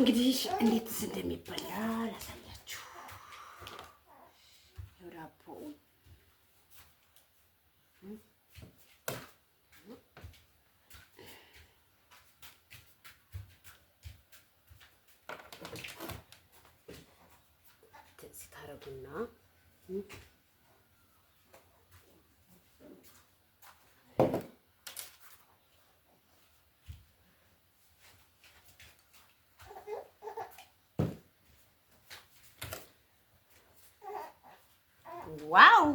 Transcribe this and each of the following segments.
እንግዲህ እንዴትስ እንደሚበላ ላሳያችሁ። ዳቦ ታረጉና ዋው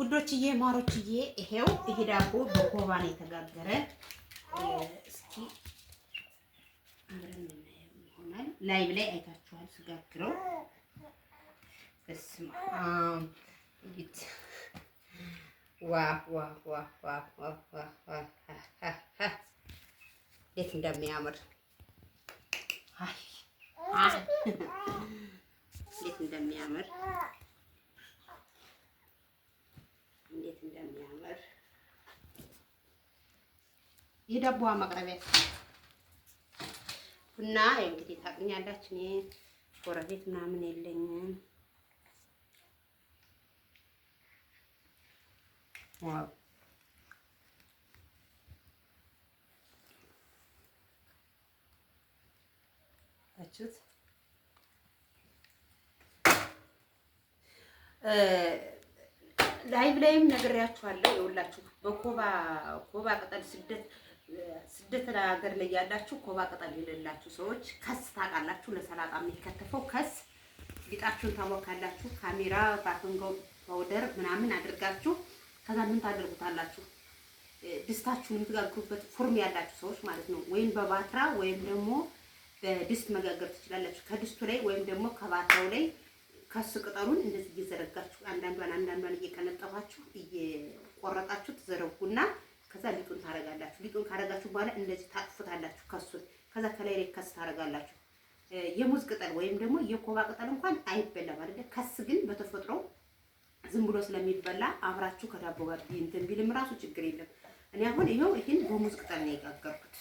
ውዶችዬ ማሮችዬ ይሄው ይሄ ዳቦ በኮባ ነው የተጋገረ። ላይቭ ላይ አይታችኋል ስጋግረው። በስመ እንዴት እንደሚያምር እንዴት እንደሚያምር እንዴት እንደሚያምር የዳቦዋ ማቅረቢያ ቡና እንግዲህ ታቅኛላችሁ። እኔ ጎረቤት ምናምን የለኝም። ችት ላይቭ ላይም ነግሬያችኋለሁ። የሁላችሁ በኮባ ኮባ ቅጠል ስደት ስደት ሀገር ላይ ያላችሁ ኮባ ቅጠል የሌላችሁ ሰዎች ከስ ታውቃላችሁ። ለሰላጣ የሚከተፈው ከስ ሊጣችሁን ታቦካላችሁ። ካሜራ ባክንጎ ፓውደር ምናምን አድርጋችሁ ከዛ ምን ታደርጉታላችሁ? ድስታችሁን የምትጋግሩበት ፉርም ያላችሁ ሰዎች ማለት ነው። ወይም በባትራ ወይም ደግሞ በድስት መጋገር ትችላላችሁ። ከድስቱ ላይ ወይም ደግሞ ከባትራው ላይ ከሱ ቅጠሉን እንደዚህ እየዘረጋችሁ አንዳንዷን አንዳንዷን እየቀነጠፋችሁ እየቆረጣችሁ ትዘረጉና ከዛ ሊጡን ታረጋላችሁ። ሊጡን ካረጋችሁ በኋላ እንደዚህ ታጥፉታላችሁ ከሱን። ከዛ ከላይ ላይ ከስ ታረጋላችሁ። የሙዝ ቅጠል ወይም ደግሞ የኮባ ቅጠል እንኳን አይበላም አይደለ? ከስ ግን በተፈጥሮ ዝም ብሎ ስለሚበላ አብራችሁ ከዳቦ ጋር እንትን ቢልም ራሱ ችግር የለም። እኔ አሁን ይኸው ይህን በሙዝ ቅጠል ነው የጋገርኩት።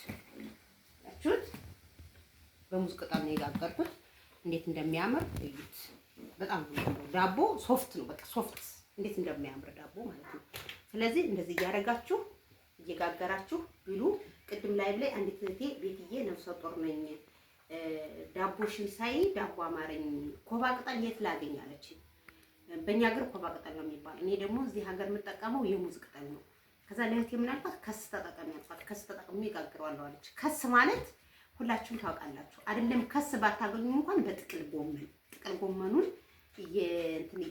ያችሁት በሙዝ ቅጠል ነው የጋገርኩት። እንዴት እንደሚያምር እዩት። በጣም ዳቦ ሶፍት ነው፣ በቃ ሶፍት። እንዴት እንደሚያምር ዳቦ ማለት ነው። ስለዚህ እንደዚህ እያደረጋችሁ እየጋገራችሁ ብሉ። ቅድም ላይ ላይ አንዲት እህቴ ቤትዬ ነፍሰ ጡር ነኝ ዳቦሽን ሳይ ዳቦ አማረኝ ኮባ ቅጠል የት አለች። በእኛ ሀገር ኮባ ቅጠል ነው የሚባለው። እኔ ደግሞ እዚህ ሀገር የምጠቀመው የሙዝ ቅጠል ነው። ከዛ ለእህቴ ምናልባት ከስ ተጠቀሚ ያልኳት፣ ከስ ተጠቅሞ ይጋግረዋለሁ አለች። ከስ ማለት ሁላችሁም ታውቃላችሁ አይደለም? ከስ ባታገኙ እንኳን በጥቅል ጎመን ጥቅል ጎመኑን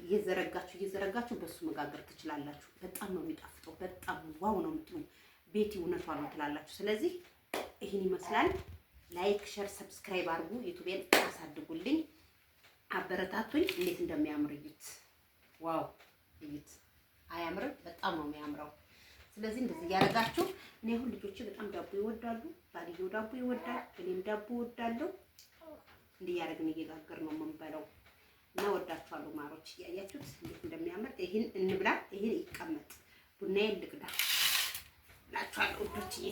እየዘረጋችሁ እየዘረጋችሁ በሱ መጋገር ትችላላችሁ። በጣም ነው የሚጣፍጠው። በጣም ዋው ነው የምትሉ ቤቲ እውነቷ ነው ትላላችሁ። ስለዚህ ይህን ይመስላል። ላይክ፣ ሸር፣ ሰብስክራይብ አድርጉ። ዩቱቤን አሳድጉልኝ፣ አበረታቱኝ። እንዴት እንደሚያምር እዩት። ዋው እዩት። አያምርም? በጣም ነው የሚያምረው። ስለዚህ እንደዚህ እያደረጋችሁ እኔ አሁን ልጆቼ በጣም ዳቦ ይወዳሉ። ባልየው ዳቦ ይወዳል፣ እኔም ዳቦ እወዳለሁ። እንዲህ እያደረግን እየጋገር ነው የምንበለው። እና ወዳችኋለሁ ማሮች። እያያችሁት እንዴት እንደሚያምር ይህን እንብላ፣ ይህን ይቀመጥ፣ ቡናዬን ልቅዳ እላችኋለሁ ውዶችዬ፣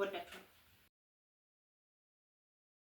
ወዳችኋለሁ።